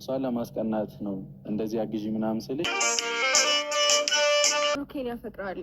እሷን ለማስቀናት ነው እንደዚህ አግዢ ምናምን ስል ብሩኬን ያፈቅራሉ።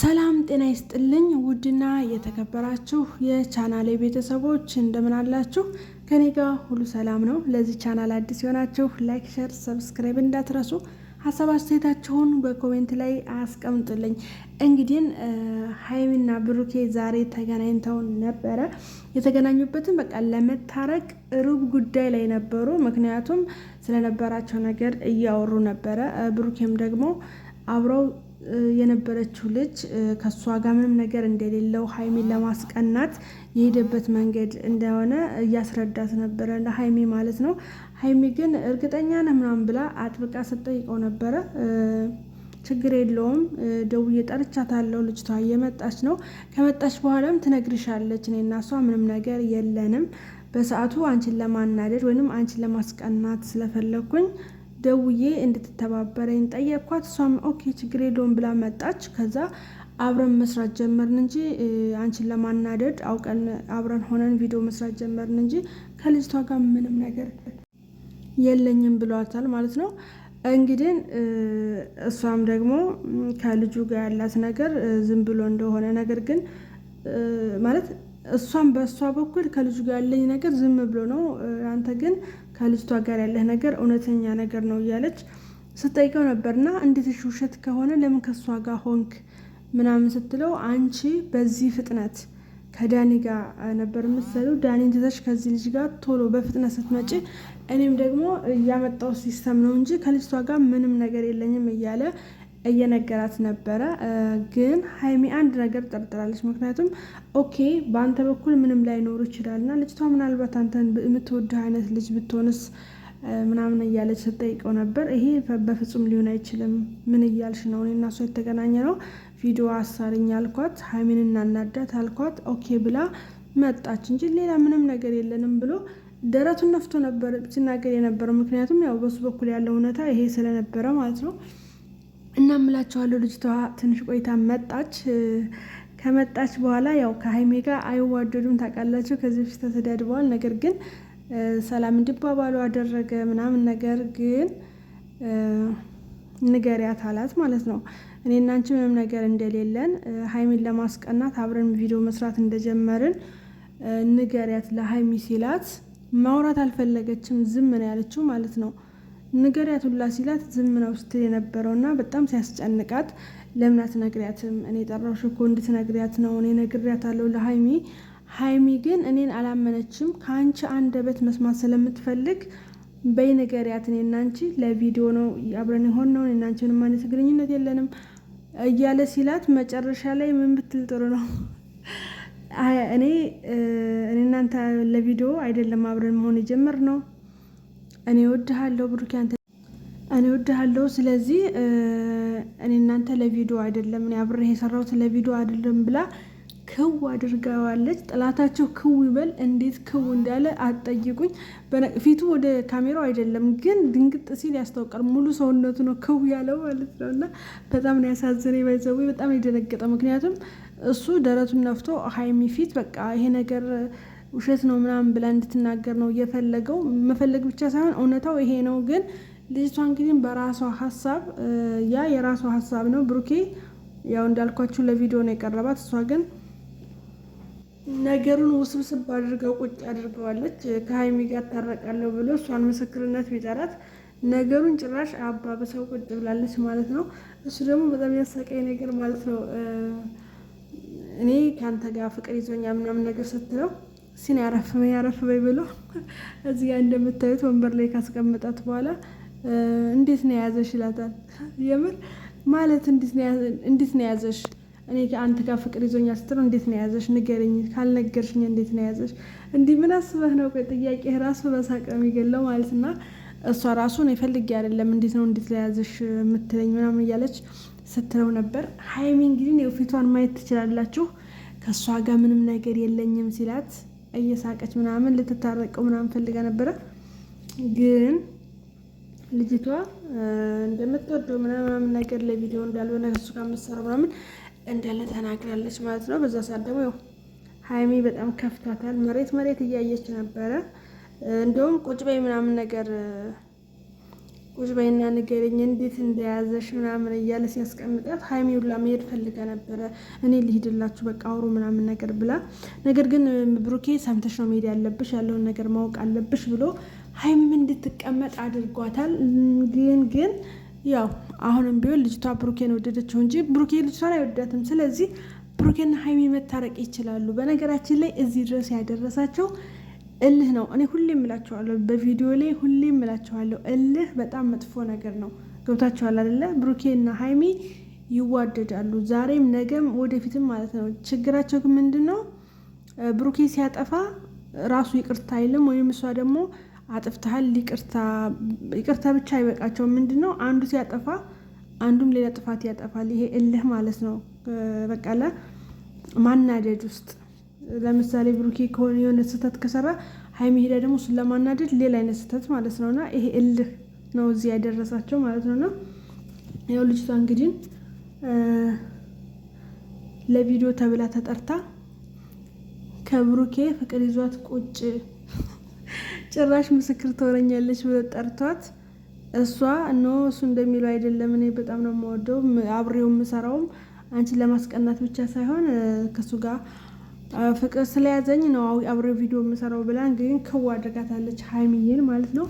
ሰላም ጤና ይስጥልኝ። ውድና የተከበራችሁ የቻናሌ ቤተሰቦች እንደምን አላችሁ? ከኔ ጋር ሁሉ ሰላም ነው። ለዚህ ቻናል አዲስ የሆናችሁ ላይክ፣ ሸር፣ ሰብስክራይብ እንዳትረሱ ሀሳብ አስተያየታችሁን በኮሜንት ላይ አስቀምጡልኝ። እንግዲህ ሀይሚና ብሩኬ ዛሬ ተገናኝተው ነበረ። የተገናኙበትን በቃ ለመታረቅ ሩብ ጉዳይ ላይ ነበሩ። ምክንያቱም ስለነበራቸው ነገር እያወሩ ነበረ። ብሩኬም ደግሞ አብረው የነበረችው ልጅ ከእሷ ጋር ምንም ነገር እንደሌለው ሀይሚን ለማስቀናት የሄደበት መንገድ እንደሆነ እያስረዳት ነበረ ለሀይሚ ማለት ነው። ሀይሚ ግን እርግጠኛ ነህ ምናምን ብላ አጥብቃ ስትጠይቀው ነበረ። ችግር የለውም ደውዬ ጠርቻታለሁ። ልጅቷ እየመጣች ነው። ከመጣች በኋላም ትነግርሻለች። እኔ እና እሷ ምንም ነገር የለንም። በሰዓቱ አንቺን ለማናደድ ወይንም አንቺን ለማስቀናት ስለፈለግኩኝ ደውዬ እንድትተባበረኝ ጠየቅኳት። እሷም ኦኬ ችግር የለውም ብላ መጣች። ከዛ አብረን መስራት ጀመርን እንጂ አንቺን ለማናደድ አውቀን አብረን ሆነን ቪዲዮ መስራት ጀመርን እንጂ ከልጅቷ ጋር ምንም ነገር የለኝም ብሏታል ማለት ነው። እንግዲህ እሷም ደግሞ ከልጁ ጋር ያላት ነገር ዝም ብሎ እንደሆነ ነገር ግን ማለት እሷም በእሷ በኩል ከልጁ ጋር ያለኝ ነገር ዝም ብሎ ነው አንተ ግን ከልጅቷ ጋር ያለህ ነገር እውነተኛ ነገር ነው እያለች ስትጠይቀው ነበርና እንዴትሽ ውሸት ከሆነ ለምን ከእሷ ጋር ሆንክ ምናምን ስትለው አንቺ በዚህ ፍጥነት ከዳኒ ጋር ነበር የምትሰሪው። ዳኒ ትተሽ ከዚህ ልጅ ጋር ቶሎ በፍጥነት ስትመጪ እኔም ደግሞ እያመጣው ሲስተም ነው እንጂ ከልጅቷ ጋር ምንም ነገር የለኝም እያለ እየነገራት ነበረ። ግን ሀይሚ አንድ ነገር ጠርጥራለች። ምክንያቱም ኦኬ በአንተ በኩል ምንም ላይኖሩ ይችላልና ልጅቷ ምናልባት አንተን የምትወደ አይነት ልጅ ብትሆንስ ምናምን እያለች ስትጠይቀው ነበር። ይሄ በፍጹም ሊሆን አይችልም፣ ምን እያልሽ ነው? እኔ እና እሷ የተገናኘ ነው ቪዲዮ አሳርኝ አልኳት፣ ሀይሚን እናናዳት አልኳት። ኦኬ ብላ መጣች እንጂ ሌላ ምንም ነገር የለንም ብሎ ደረቱን ነፍቶ ነበር ሲናገር የነበረው። ምክንያቱም ያው በሱ በኩል ያለው እውነታ ይሄ ስለነበረ ማለት ነው። እናምላቸዋለሁ። ልጅቷ ትንሽ ቆይታ መጣች። ከመጣች በኋላ ያው ከሀይሜ ጋር አይዋደዱም ታውቃላችሁ። ከዚህ በፊት ተተዳድበዋል። ነገር ግን ሰላም እንዲባባሉ አደረገ ምናምን። ነገር ግን ንገሪያት አላት ማለት ነው። እኔ እናንቺ ምንም ነገር እንደሌለን ሀይሚን ለማስቀናት አብረን ቪዲዮ መስራት እንደጀመርን ንገሪያት ለሀይሚ ሲላት ማውራት አልፈለገችም። ዝም ነው ያለችው ማለት ነው። ንገሪያት ሁላ ሲላት ዝም ነው ስትል የነበረው እና በጣም ሲያስጨንቃት ለምን አትነግሪያትም? እኔ የጠራሁሽ እኮ እንድትነግሪያት ነው። እኔ ነግሪያታለሁ ለሀይሚ። ሀይሚ ግን እኔን አላመነችም። ከአንቺ አንደበት መስማት ስለምትፈልግ በይ ንገሪያት። እኔ እናንቺ ለቪዲዮ ነው አብረን የሆን ነው። እኔ ምንም አይነት ግንኙነት የለንም እያለ ሲላት መጨረሻ ላይ ምን ብትል ጥሩ ነው? እኔ እኔ እናንተ ለቪዲዮ አይደለም አብረን መሆን የጀመር ነው እኔ ወድሃለሁ ብሩኬ አንተ እኔ ወድሃለሁ። ስለዚህ እኔ እናንተ ለቪዲዮ አይደለም እኔ አብሬህ የሰራሁት ለቪዲዮ አይደለም ብላ ክው አድርጋዋለች። ጥላታቸው ክው ይበል። እንዴት ክው እንዳለ አጠይቁኝ። ፊቱ ወደ ካሜራው አይደለም ግን ድንግጥ ሲል ያስታውቃል። ሙሉ ሰውነቱ ነው ክው ያለው ማለት ነው። እና በጣም ነው ያሳዘነ ባይዘዌ በጣም የደነገጠ ምክንያቱም እሱ ደረቱን ነፍቶ ሀይሚ ፊት በቃ ይሄ ነገር ውሸት ነው ምናምን ብላ እንድትናገር ነው የፈለገው መፈለግ ብቻ ሳይሆን እውነታው ይሄ ነው። ግን ልጅቷ እንግዲህ በራሷ ሀሳብ ያ የራሷ ሀሳብ ነው። ብሩኬ ያው እንዳልኳችሁ ለቪዲዮ ነው የቀረባት። እሷ ግን ነገሩን ውስብስብ አድርገው ቁጭ አድርገዋለች። ከሀይሚ ጋር ታረቃለሁ ብሎ እሷን ምስክርነት ቢጠራት ነገሩን ጭራሽ አባብሰው ቁጭ ብላለች ማለት ነው። እሱ ደግሞ በጣም ያሳቀኝ ነገር ማለት ነው እኔ ከአንተ ጋር ፍቅር ይዞኛ ምናምን ነገር ስትለው ሲን ያረፍበ ያረፍበይ ብሎ እዚህ ጋር እንደምታዩት ወንበር ላይ ካስቀመጣት በኋላ እንዴት ነው የያዘሽ ይላታል። የምር ማለት እንዴት ነው የያዘሽ እኔ አንተ ጋር ፍቅር ይዞኛል ስትለው እንዴት ነው የያዘሽ ንገረኝ፣ ካልነገርሽኝ እንዴት ነው የያዘሽ? እንዲህ ምን አስበህ ነው? ጥያቄ ራሱ በሳቅ የሚገለው ማለት እና እሷ ራሱን የፈልግ አይደለም እንዴት ነው እንዴት ለያዘሽ የምትለኝ ምናምን እያለች ስትለው ነበር። ሀይሚ እንግዲህ ፊቷን ማየት ትችላላችሁ። ከእሷ ጋር ምንም ነገር የለኝም ሲላት እየሳቀች ምናምን ልትታረቀው ምናምን ፈልጋ ነበረ። ግን ልጅቷ እንደምትወደው ምናምን ነገር ለቪዲዮ እንዳልሆነ እሱ ጋር የምትሰራው ምናምን እንዳለ ተናግራለች ማለት ነው። በዛ ሰዓት ደግሞ ያው ሀይሚ በጣም ከፍቷታል። መሬት መሬት እያየች ነበረ። እንደውም ቁጭ በይ ምናምን ነገር ቁጭ በይና ንገረኝ እንዴት እንደያዘሽ ምናምን እያለ ሲያስቀምጣት ሀይሚ ሁላ መሄድ ፈልጋ ነበረ። እኔ ልሂድላችሁ በቃ አውሩ ምናምን ነገር ብላ፣ ነገር ግን ብሩኬ ሰምተሽ ነው መሄድ ያለብሽ፣ ያለውን ነገር ማወቅ አለብሽ ብሎ ሀይሚም እንድትቀመጥ አድርጓታል። ግን ግን ያው አሁንም ቢሆን ልጅቷ ብሩኬን ወደደችው እንጂ ብሩኬ ልጅቷን አይወዳትም። ስለዚህ ብሩኬና ሀይሚ መታረቅ ይችላሉ። በነገራችን ላይ እዚህ ድረስ ያደረሳቸው እልህ ነው። እኔ ሁሌም እላችኋለሁ፣ በቪዲዮ ላይ ሁሌም እላችኋለሁ፣ እልህ በጣም መጥፎ ነገር ነው። ገብታችኋል አይደለ? ብሩኬ እና ሀይሚ ይዋደዳሉ፣ ዛሬም ነገም ወደፊትም ማለት ነው። ችግራቸው ግን ምንድን ነው? ብሩኬ ሲያጠፋ ራሱ ይቅርታ አይልም፣ ወይም እሷ ደግሞ አጥፍተሃል ይቅርታ ብቻ አይበቃቸው። ምንድን ነው አንዱ ሲያጠፋ አንዱም ሌላ ጥፋት ያጠፋል። ይሄ እልህ ማለት ነው። በቃለ ማናደድ ውስጥ ለምሳሌ ብሩኬ ከሆነ የሆነ ስህተት ከሰራ ሀይሚ ሄዳ ደግሞ እሱን ለማናደድ ሌላ አይነት ስህተት ማለት ነውና ይሄ እልህ ነው እዚህ ያደረሳቸው ማለት ነውና ያው ልጅቷ እንግዲህ ለቪዲዮ ተብላ ተጠርታ ከብሩኬ ፍቅር ይዟት ቁጭ ጭራሽ ምስክር ትሆነኛለች ብሎ ጠርቷት እሷ እኖ እሱ እንደሚለው አይደለም። እኔ በጣም ነው የምወደው አብሬው የምሰራውም አንቺን ለማስቀናት ብቻ ሳይሆን ከእሱ ጋር ፍቅር ስለያዘኝ ነው አብረ ቪዲዮ የምሰራው ብላ እንግዲህ ክው አድርጋታለች ሀይሚዬን ማለት ነው።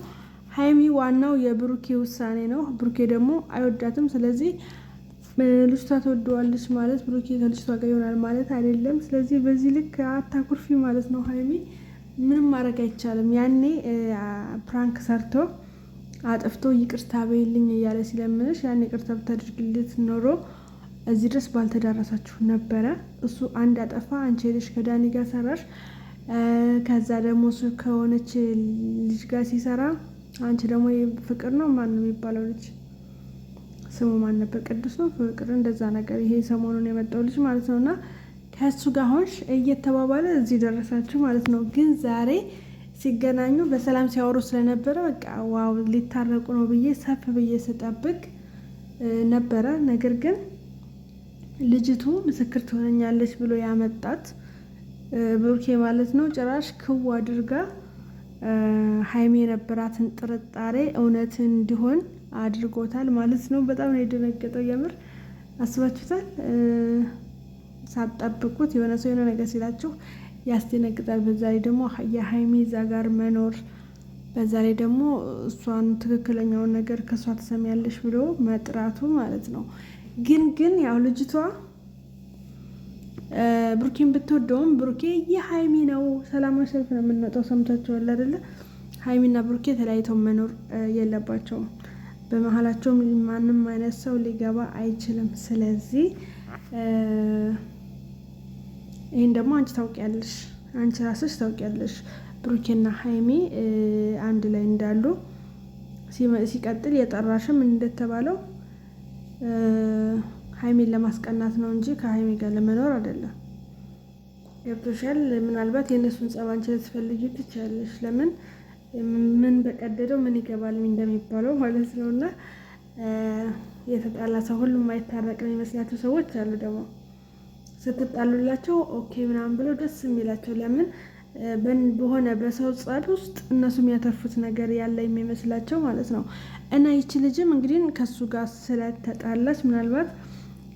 ሀይሚ ዋናው የብሩኬ ውሳኔ ነው። ብሩኬ ደግሞ አይወዳትም። ስለዚህ ልጅቷ ተወደዋለች ማለት ብሩኬ ከልጅቷ ጋር ይሆናል ማለት አይደለም። ስለዚህ በዚህ ልክ አታኩርፊ ማለት ነው ሀይሚ። ምንም ማድረግ አይቻልም። ያኔ ፕራንክ ሰርቶ አጥፍቶ ይቅርታ በይልኝ እያለ ሲለምንሽ ያኔ ይቅርታ ብታደርግለት ኖሮ እዚህ ድረስ ባልተዳረሳችሁ ነበረ። እሱ አንድ አጠፋ፣ አንቺ ሄደሽ ከዳኒ ጋር ሰራሽ። ከዛ ደግሞ እሱ ከሆነች ልጅ ጋር ሲሰራ አንቺ ደግሞ ፍቅር ነው ማን ነው የሚባለው ልጅ ስሙ ማን ነበር? ቅዱስ ነው ፍቅር፣ እንደዛ ነገር። ይሄ ሰሞኑን የመጣው ልጅ ማለት ነው። እና ከእሱ ጋር ሆንሽ እየተባባለ እዚህ ደረሳችሁ ማለት ነው። ግን ዛሬ ሲገናኙ በሰላም ሲያወሩ ስለነበረ በቃ ዋው ሊታረቁ ነው ብዬ ሰፍ ብዬ ስጠብቅ ነበረ። ነገር ግን ልጅቱ ምስክር ትሆነኛለች ብሎ ያመጣት ብሩኬ ማለት ነው። ጭራሽ ክው አድርጋ ሀይሚ የነበራትን ጥርጣሬ እውነት እንዲሆን አድርጎታል ማለት ነው። በጣም ነው የደነገጠው። የምር አስባችሁታል? ሳጠብቁት የሆነ ሰው የሆነ ነገር ሲላችሁ ያስደነግጣል። በዛ ላይ ደግሞ የሀይሚ እዛ ጋር መኖር፣ በዛ ላይ ደግሞ እሷን ትክክለኛውን ነገር ከእሷ ትሰሚያለሽ ብሎ መጥራቱ ማለት ነው ግን ግን ያው ልጅቷ ብሩኬን ብትወደውም ብሩኬ የሀይሚ ነው፣ ሰላማዊ ሰልፍ ነው የምንወጣው። ሰምታችኋል አይደለ? ሀይሚና ብሩኬ ተለያይተው መኖር የለባቸውም። በመሀላቸውም ማንም አይነት ሰው ሊገባ አይችልም። ስለዚህ ይህን ደግሞ አንቺ ታውቂያለሽ፣ አንቺ ራስሽ ታውቂያለሽ ብሩኬና ሀይሚ አንድ ላይ እንዳሉ ሲቀጥል የጠራሽም እንደተባለው ሀይሜን ለማስቀናት ነው እንጂ ከሀይሜ ጋር ለመኖር አይደለም። ገብቶሻል? ምናልባት የእነሱን ጸብ አንቺ ልትፈልጊ ትችያለሽ። ለምን ምን በቀደደው ምን ይገባል እንደሚባለው ማለት ነው። እና የተጣላ ሰው ሁሉም አይታረቅ ነው የሚመስላቸው ሰዎች አሉ። ደግሞ ስትጣሉላቸው ኦኬ ምናምን ብለው ደስ የሚላቸው ለምን በሆነ በሰው ጸብ ውስጥ እነሱ የሚያተርፉት ነገር ያለ የሚመስላቸው ማለት ነው። እና ይቺ ልጅም እንግዲህ ከሱ ጋር ስለተጣላች ምናልባት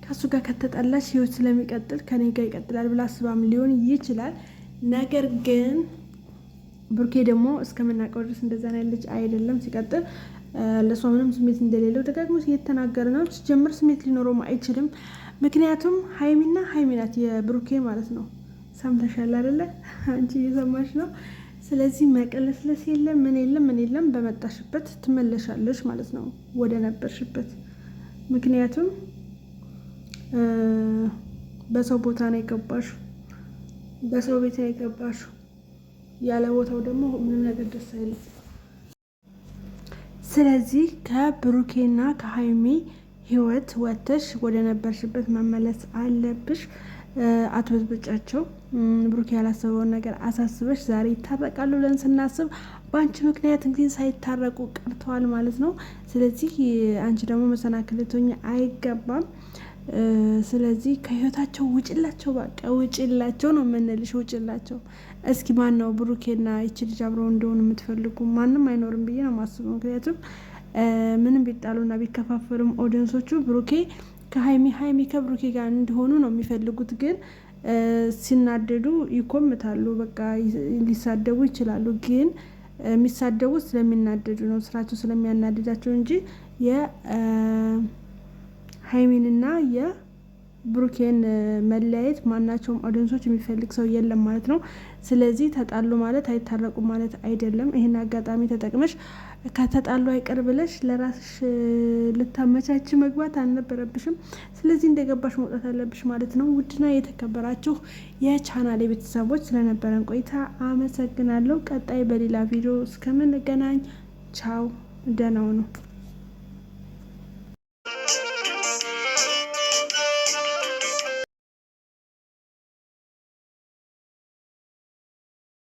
ከሱ ጋር ከተጣላች ህይወት ስለሚቀጥል ከኔ ጋር ይቀጥላል ብላ አስባም ሊሆን ይችላል። ነገር ግን ብሩኬ ደግሞ እስከምናውቀው ድረስ እንደዛ ልጅ አይደለም። ሲቀጥል ለእሷ ምንም ስሜት እንደሌለው ደጋግሞ እየተናገረ ነው። ጀምር ስሜት ሊኖረውም አይችልም። ምክንያቱም ሀይሚና ሀይሚ ናት የብሩኬ ማለት ነው። ሰምተሻል አይደለ? አንቺ እየሰማሽ ነው። ስለዚህ መቀለስለስ የለም ምን የለም ምን የለም። በመጣሽበት ትመለሻለሽ ማለት ነው ወደ ነበርሽበት። ምክንያቱም በሰው ቦታ ነው የገባሽ፣ በሰው ቤት ነው የገባሽ። ያለ ቦታው ደግሞ ምንም ነገር ደስ አይልም። ስለዚህ ከብሩኬና ከሀይሚ ህይወት ወጥተሽ ወደ ነበርሽበት መመለስ አለብሽ። ብጫቸው ብሩክ ያላሰበውን ነገር አሳስበች ዛሬ ይታረቃሉ ብለን ስናስብ በአንቺ ምክንያት እንግዲህ ሳይታረቁ ቀርተዋል ማለት ነው። ስለዚህ አንቺ ደግሞ መሰናክል ልትሆኚ አይገባም። ስለዚህ ከህይወታቸው ውጭላቸው፣ በቃ ውጭላቸው ነው የምንልሽ። ውጭላቸው። እስኪ ማን ነው ብሩኬና ይቺ ልጅ አብረው እንደሆኑ የምትፈልጉ? ማንም አይኖርም ብዬ ነው የማስበው። ምክንያቱም ምንም ቢጣሉና ቢከፋፈሉም ኦዲየንሶቹ ብሩኬ ከሀይሚ ሀይሚ ከብሩኬ ጋር እንዲሆኑ ነው የሚፈልጉት ግን ሲናደዱ ይኮምታሉ። በቃ ሊሳደቡ ይችላሉ። ግን የሚሳደቡት ስለሚናደዱ ነው፣ ስራቸው ስለሚያናድዳቸው እንጂ የሀይሚንና የብሩኬን መለያየት ማናቸውም አውዲንሶች የሚፈልግ ሰው የለም ማለት ነው። ስለዚህ ተጣሉ ማለት አይታረቁ ማለት አይደለም። ይህን አጋጣሚ ተጠቅመሽ ከተጣሉ አይቀር ብለሽ ለራስሽ ልታመቻች መግባት አልነበረብሽም። ስለዚህ እንደገባሽ መውጣት አለብሽ ማለት ነው። ውድና የተከበራችሁ የቻናል ቤተሰቦች ስለነበረን ቆይታ አመሰግናለሁ። ቀጣይ በሌላ ቪዲዮ እስከምንገናኝ ቻው፣ ደህና ሁኑ።